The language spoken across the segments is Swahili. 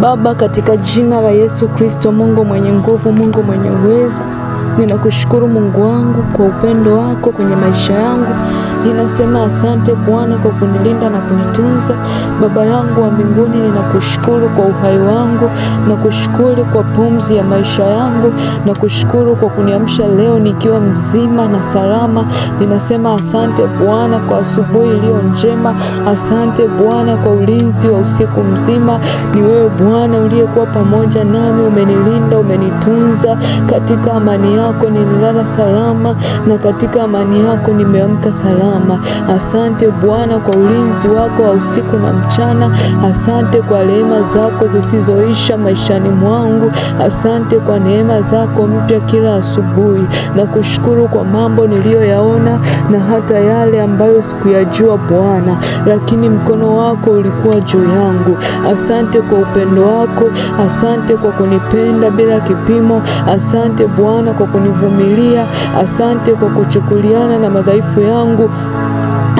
Baba, katika jina la Yesu Kristo, Mungu mwenye nguvu, Mungu mwenye uweza Ninakushukuru Mungu wangu kwa upendo wako kwenye maisha yangu. Ninasema asante Bwana kwa kunilinda na kunitunza. Baba yangu wa mbinguni, ninakushukuru kwa uhai wangu, nakushukuru kwa pumzi ya maisha yangu, nakushukuru kwa kuniamsha leo nikiwa mzima na salama. Ninasema asante Bwana kwa asubuhi iliyo njema. Asante Bwana kwa ulinzi wa usiku mzima. Ni wewe Bwana uliyekuwa pamoja nami, umenilinda, umenitunza katika amani yako yako nililala salama na katika amani yako nimeamka salama. Asante Bwana kwa ulinzi wako wa usiku na mchana. Asante kwa rehema zako zisizoisha maishani mwangu. Asante kwa neema zako mpya kila asubuhi. na kushukuru kwa mambo niliyoyaona na hata yale ambayo sikuyajua Bwana, lakini mkono wako ulikuwa juu yangu. Asante kwa upendo wako. Asante kwa kunipenda bila kipimo. Asante Bwana kwa kunivumilia. Asante kwa kuchukuliana na madhaifu yangu.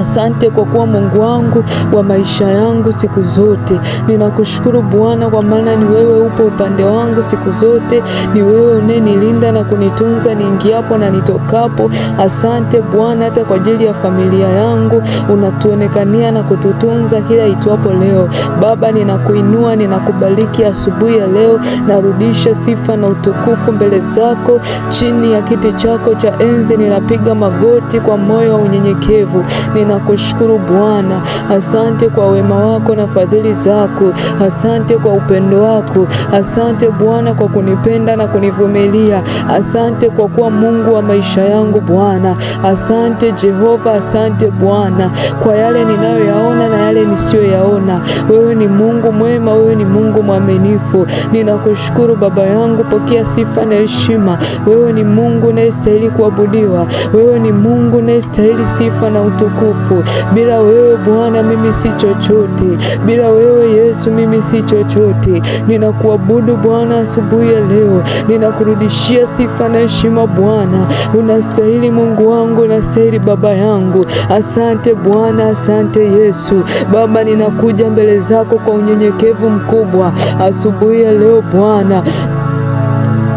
Asante kwa kuwa Mungu wangu wa maisha yangu siku zote. Ninakushukuru Bwana, kwa maana ni wewe upo upande wangu siku zote, ni wewe unayenilinda na kunitunza niingiapo na nitokapo. Asante Bwana hata kwa ajili ya familia yangu, unatuonekania na kututunza kila itwapo leo. Baba, ninakuinua ninakubariki asubuhi ya leo, narudisha sifa na utukufu mbele zako. Chini ya kiti chako cha enzi ninapiga magoti kwa moyo wa unyenyekevu. Ninakushukuru Bwana, asante kwa wema wako na fadhili zako, asante kwa upendo wako, asante Bwana kwa kunipenda na kunivumilia, asante kwa kuwa Mungu wa maisha yangu Bwana, asante Jehova, asante Bwana kwa yale ninayoyaona yale nisiyoyaona. Wewe ni Mungu mwema, wewe ni Mungu mwaminifu. Ninakushukuru Baba yangu, pokea sifa na heshima. Wewe ni Mungu unayestahili kuabudiwa, wewe ni Mungu unayestahili sifa na utukufu. Bila wewe Bwana mimi si chochote, bila wewe Yesu mimi si chochote. Ninakuabudu Bwana asubuhi ya leo, ninakurudishia sifa na heshima Bwana. Unastahili Mungu wangu, unastahili Baba yangu. Asante Bwana, asante Yesu. Baba, ninakuja mbele zako kwa unyenyekevu mkubwa asubuhi ya leo Bwana,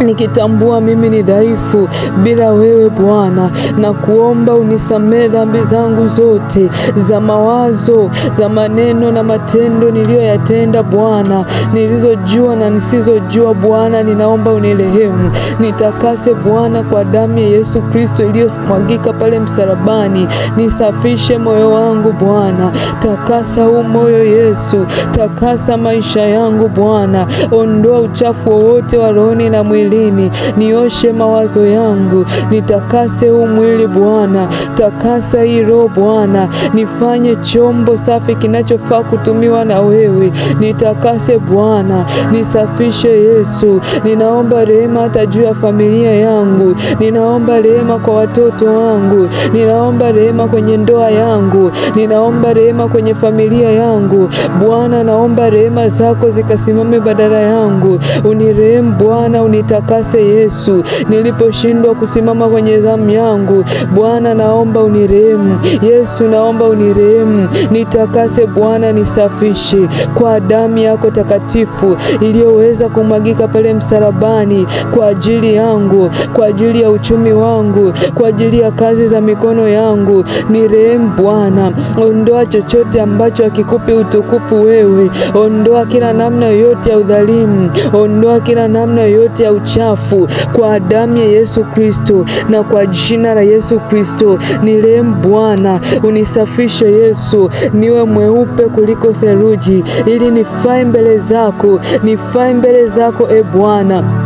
nikitambua mimi ni dhaifu bila wewe Bwana, na kuomba unisamehe dhambi zangu zote za mawazo, za maneno na matendo niliyoyatenda Bwana, nilizojua na nisizojua Bwana, ninaomba unirehemu, nitakase Bwana kwa damu ya Yesu Kristo iliyomwagika pale msalabani. Nisafishe moyo wangu Bwana, takasa huu moyo Yesu, takasa maisha yangu Bwana, ondoa uchafu wowote wa rohoni na mwili mwilini, nioshe mawazo yangu, nitakase huu mwili Bwana, takasa hii roho Bwana, nifanye chombo safi kinachofaa kutumiwa na wewe, nitakase Bwana, nisafishe Yesu. Ninaomba rehema hata juu ya familia yangu, ninaomba rehema kwa watoto wangu, ninaomba rehema kwenye ndoa yangu, ninaomba rehema kwenye familia yangu Bwana, naomba rehema zako zikasimame badala yangu, unirehemu Bwana, unita unitakase Yesu, niliposhindwa kusimama kwenye dhamu yangu. Bwana, naomba unirehemu. Yesu, naomba unirehemu, nitakase Bwana, nisafishe kwa damu yako takatifu iliyoweza kumwagika pale msalabani kwa ajili yangu, kwa ajili ya uchumi wangu, kwa ajili ya kazi za mikono yangu. Nirehemu Bwana, ondoa chochote ambacho hakikupi utukufu wewe. Ondoa kila namna yote ya udhalimu, ondoa kila namna yote ya uchafu kwa damu ya Yesu Kristo na kwa jina la Yesu Kristo. Nirehemu Bwana, unisafishe Yesu, niwe mweupe kuliko theluji, ili nifae mbele zako, nifae mbele zako e Bwana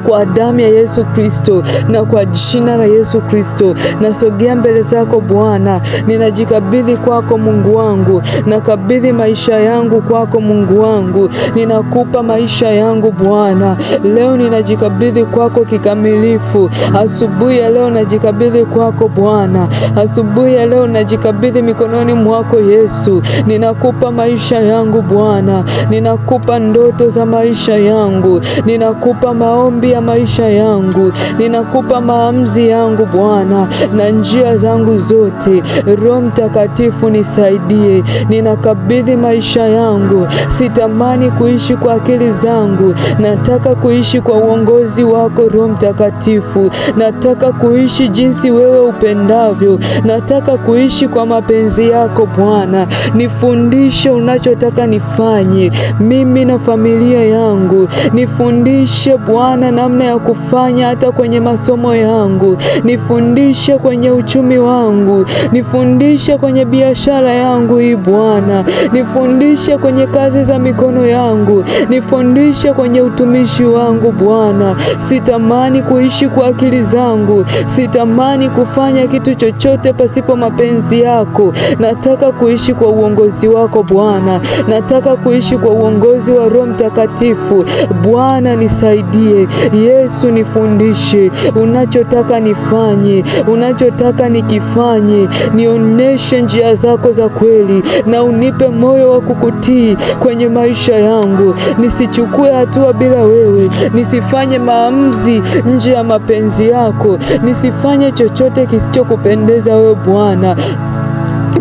kwa damu ya Yesu Kristo na kwa jina la Yesu Kristo. Nasogea mbele zako Bwana, ninajikabidhi kwako Mungu wangu, nakabidhi maisha yangu kwako Mungu wangu, ninakupa maisha yangu Bwana. Leo ninajikabidhi kwako kikamilifu. Asubuhi ya leo najikabidhi kwako Bwana, asubuhi ya leo najikabidhi mikononi mwako Yesu. Ninakupa maisha yangu Bwana, ninakupa ndoto za maisha yangu, ninakupa maombi maombi ya maisha yangu, ninakupa maamuzi yangu Bwana na njia zangu zote. Roho Mtakatifu nisaidie, ninakabidhi maisha yangu. Sitamani kuishi kwa akili zangu, nataka kuishi kwa uongozi wako Roho Mtakatifu. Nataka kuishi jinsi wewe upendavyo, nataka kuishi kwa mapenzi yako Bwana. Nifundishe unachotaka nifanye mimi na familia yangu, nifundishe Bwana namna ya kufanya hata kwenye masomo yangu, nifundishe kwenye uchumi wangu, nifundishe kwenye biashara yangu, hii ee Bwana, nifundishe kwenye kazi za mikono yangu, nifundishe kwenye utumishi wangu Bwana. Sitamani kuishi kwa akili zangu, sitamani kufanya kitu chochote pasipo mapenzi yako. Nataka kuishi kwa uongozi wako Bwana, nataka kuishi kwa uongozi wa Roho Mtakatifu Bwana, nisaidie Yesu, nifundishe unachotaka nifanye, unachotaka nikifanye, nionyeshe njia zako za kweli, na unipe moyo wa kukutii kwenye maisha yangu. Nisichukue hatua bila wewe, nisifanye maamuzi nje ya mapenzi yako, nisifanye chochote kisichokupendeza wewe Bwana.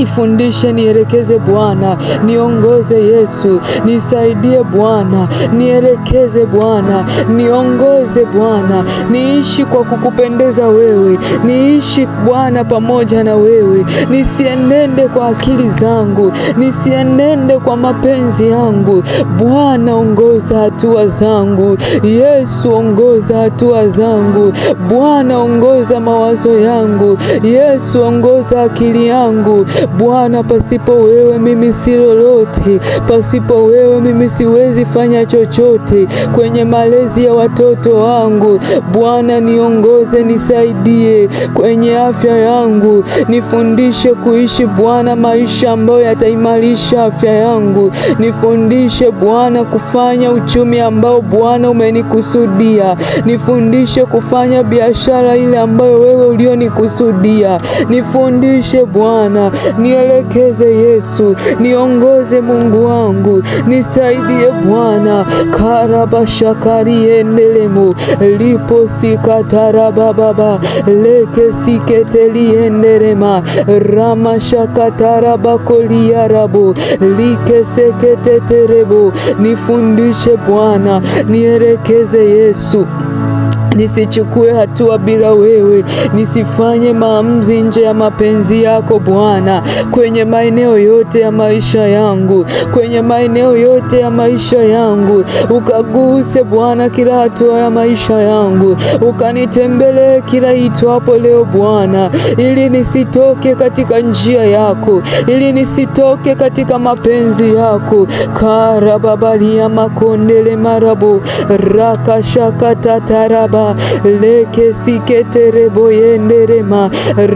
Nifundishe, nielekeze Bwana, niongoze Yesu, nisaidie Bwana, nielekeze Bwana, niongoze Bwana, niishi kwa kukupendeza wewe, niishi Bwana pamoja na wewe, nisienende kwa akili zangu, nisienende kwa mapenzi yangu. Bwana, ongoza hatua zangu. Yesu, ongoza hatua zangu. Bwana, ongoza mawazo yangu. Yesu, ongoza akili yangu. Bwana, pasipo wewe mimi si lolote, pasipo wewe mimi siwezi fanya chochote. Kwenye malezi ya watoto wangu Bwana, niongoze, nisaidie kwenye afya yangu, nifundishe kuishi Bwana maisha ambayo yataimarisha afya yangu, nifundishe Bwana kufanya uchumi ambao Bwana umenikusudia, nifundishe kufanya biashara ile ambayo wewe ulionikusudia, nifundishe Bwana nielekeze Yesu, niongoze Mungu wangu, nisaidie Bwana. karabashakariendelemo lipo sikatarabababa leke siketeliendelema ramashakatarabakoliarabo likeseketeterebo nifundishe Bwana, nielekeze Yesu nisichukue hatua bila wewe, nisifanye maamuzi nje ya mapenzi yako Bwana, kwenye maeneo yote ya maisha yangu, kwenye maeneo yote ya maisha yangu, ukaguse Bwana kila hatua ya maisha yangu, ukanitembelee kila itwapo leo Bwana, ili nisitoke katika njia yako, ili nisitoke katika mapenzi yako. karababalia makondele marabo rakashakatataraba yende rema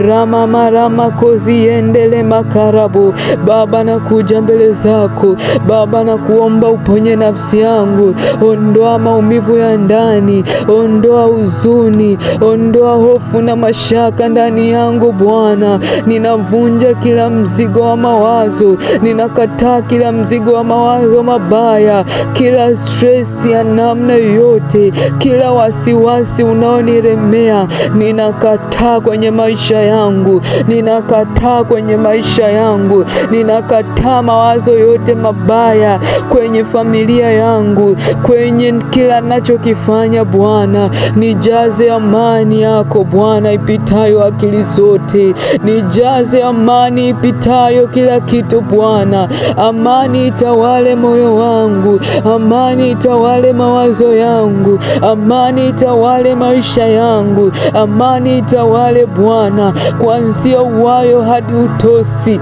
rama marama le makarabu. Baba nakuja mbele zako Baba na kuomba uponye nafsi yangu, ondoa maumivu ya ndani, ondoa huzuni, ondoa hofu na mashaka ndani yangu Bwana. Ninavunja kila mzigo wa mawazo, ninakataa kila mzigo wa mawazo mabaya, kila stress ya namna yote, kila wasiwasi uasi unaoniremea ninakataa kwenye maisha yangu, ninakataa kwenye maisha yangu, ninakataa mawazo yote mabaya kwenye familia yangu, kwenye kila nachokifanya. Bwana, nijaze amani yako Bwana ipitayo akili zote, nijaze amani ipitayo kila kitu Bwana. Amani itawale moyo wangu, amani itawale mawazo yangu, amani itawale itawale maisha yangu, amani itawale Bwana, kuanzia uwayo hadi utosi.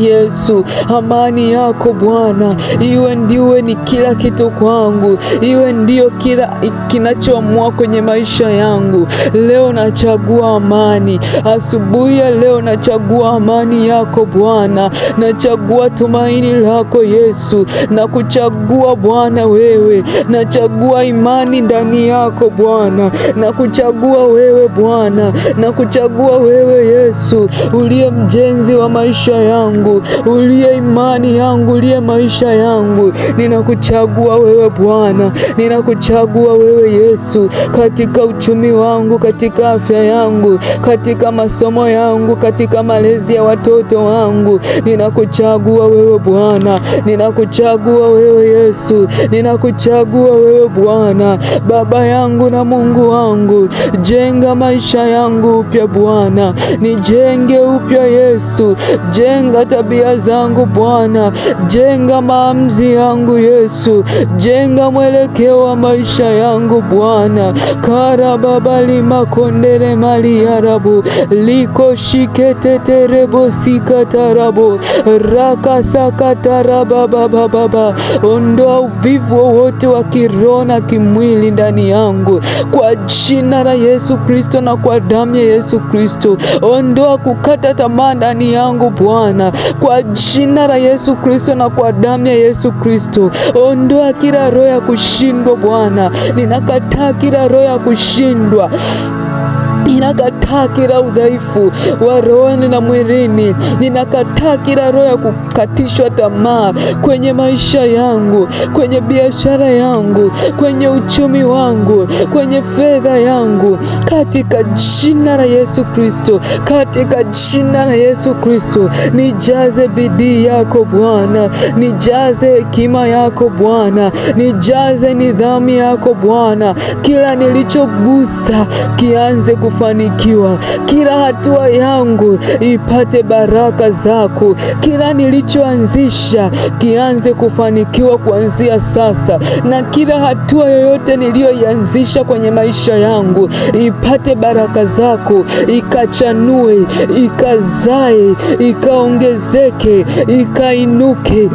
Yesu, amani yako Bwana iwe ndiwe ni kila kitu kwangu, iwe ndio kila kinachoamua kwenye maisha yangu. Leo nachagua amani, asubuhi ya leo nachagua amani yako Bwana, nachagua tumaini lako Yesu, na kuchagua Bwana wewe, nachagua imani ndani yako Bwana, na kuchagua wewe Bwana, na kuchagua wewe Yesu, uliye mjenzi wa maisha yangu yangu, uliye imani yangu, uliye maisha yangu. Ninakuchagua wewe Bwana, ninakuchagua wewe Yesu, katika uchumi wangu, katika afya yangu, katika masomo yangu, katika malezi ya watoto wangu. Ninakuchagua wewe Bwana, ninakuchagua wewe Yesu, ninakuchagua wewe Bwana, Baba yangu na Mungu wangu, jenga maisha yangu upya Bwana, nijenge upya Yesu, jenga tabia zangu Bwana, jenga maamuzi yangu Yesu, jenga mwelekeo wa maisha yangu Bwana. karababalimakondele mali yarabu liko taraba baba baba, ondoa uvivu wowote wa kiroho na kimwili ndani yangu kwa jina la Yesu Kristo na kwa damu ya Yesu Kristo, ondoa kukata tamaa ndani yangu Bwana, kwa jina la Yesu Kristo na kwa damu ya Yesu Kristo. Ondoa kila roho ya kushindwa Bwana, ninakataa kila roho ya kushindwa Ninakataa kila udhaifu wa rohoni na mwilini. Ninakataa kila roho ya kukatishwa tamaa kwenye maisha yangu, kwenye biashara yangu, kwenye uchumi wangu, kwenye fedha yangu, katika jina la Yesu Kristo, katika jina la Yesu Kristo. Nijaze bidii yako Bwana, nijaze hekima yako Bwana, nijaze nidhamu yako Bwana. Kila nilichogusa kianze kufanikiwa, kila hatua yangu ipate baraka zako, kila nilichoanzisha kianze kufanikiwa kuanzia sasa, na kila hatua yoyote niliyoianzisha kwenye maisha yangu ipate baraka zako, ikachanue, ikazae, ikaongezeke, ikainuke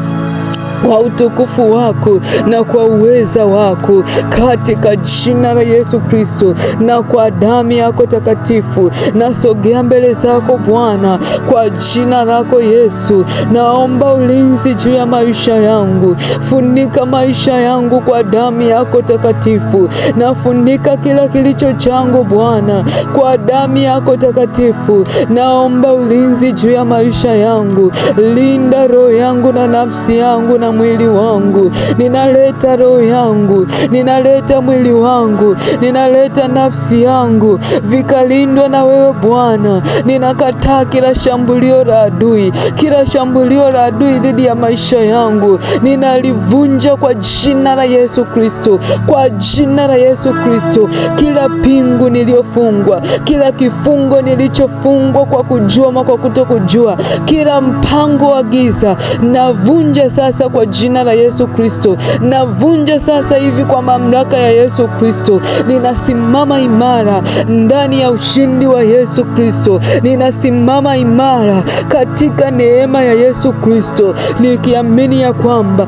kwa utukufu wako na kwa uweza wako katika jina la Yesu Kristo, na kwa damu yako takatifu, nasogea mbele zako Bwana kwa jina lako Yesu. Naomba ulinzi juu ya maisha yangu, funika maisha yangu kwa damu yako takatifu, nafunika kila kilicho changu Bwana kwa damu yako takatifu. Naomba ulinzi juu ya maisha yangu, linda roho yangu na nafsi yangu na na mwili wangu, ninaleta roho yangu, ninaleta mwili wangu, ninaleta nafsi yangu, vikalindwa na wewe Bwana. Ninakataa kila shambulio la adui, kila shambulio la adui dhidi ya maisha yangu ninalivunja kwa jina la Yesu Kristo, kwa jina la Yesu Kristo. Kila pingu niliyofungwa, kila kifungo nilichofungwa kwa kujua ama kwa kutokujua, kila mpango wa giza navunja sasa kwa jina la Yesu Kristo. Navunja sasa hivi kwa mamlaka ya Yesu Kristo. Ninasimama imara ndani ya ushindi wa Yesu Kristo. Ninasimama imara katika neema ya Yesu Kristo nikiamini ya kwamba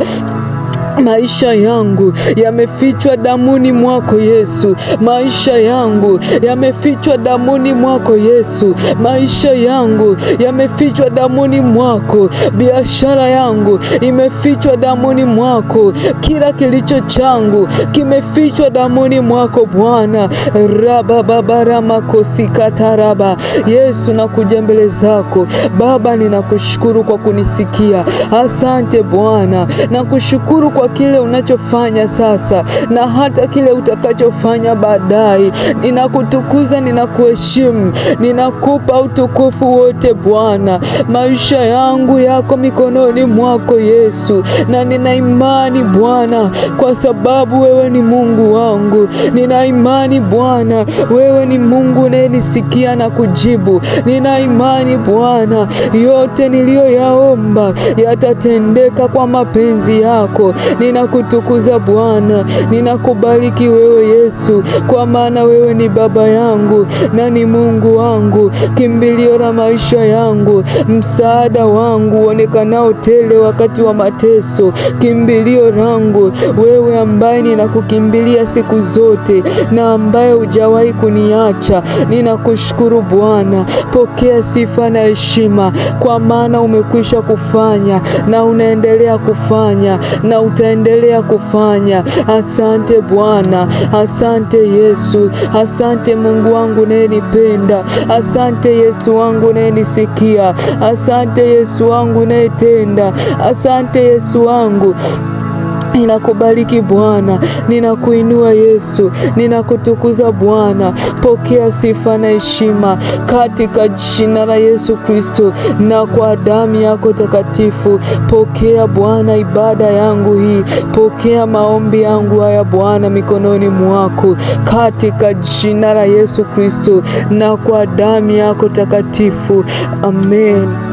Maisha yangu yamefichwa damuni mwako Yesu, maisha yangu yamefichwa damuni mwako Yesu, maisha yangu yamefichwa damuni mwako, biashara yangu imefichwa damuni mwako, kila kilicho changu kimefichwa damuni mwako Bwana. raba babara makosikataraba Yesu, nakuja mbele zako Baba, ninakushukuru kwa kunisikia. Asante Bwana, nakushukuru kwa kile unachofanya sasa na hata kile utakachofanya baadaye. Ninakutukuza, ninakuheshimu, ninakupa utukufu wote Bwana. Maisha yangu yako mikononi mwako Yesu, na nina imani Bwana, kwa sababu wewe ni Mungu wangu. Nina imani Bwana, wewe ni Mungu unayenisikia na kujibu. Nina imani Bwana, yote niliyoyaomba yatatendeka kwa mapenzi yako. Ninakutukuza Bwana, ninakubariki wewe Yesu, kwa maana wewe ni baba yangu na ni Mungu wangu, kimbilio la maisha yangu, msaada wangu uonekanao tele wakati wa mateso, kimbilio langu wewe, ambaye ninakukimbilia siku zote na ambaye hujawahi kuniacha. Ninakushukuru Bwana, pokea sifa na heshima, kwa maana umekwisha kufanya na unaendelea kufanya na utaendelea kufanya. Asante Bwana, asante Yesu, asante Mungu wangu nayenipenda, asante Yesu wangu nayenisikia, asante Yesu wangu nayetenda, asante Yesu wangu Ninakubariki Bwana, ninakuinua Yesu, ninakutukuza Bwana. Pokea sifa na heshima katika jina la Yesu Kristo na kwa damu yako takatifu. Pokea Bwana ibada yangu hii, pokea maombi yangu haya Bwana mikononi mwako katika jina la Yesu Kristo na kwa damu yako takatifu, amen.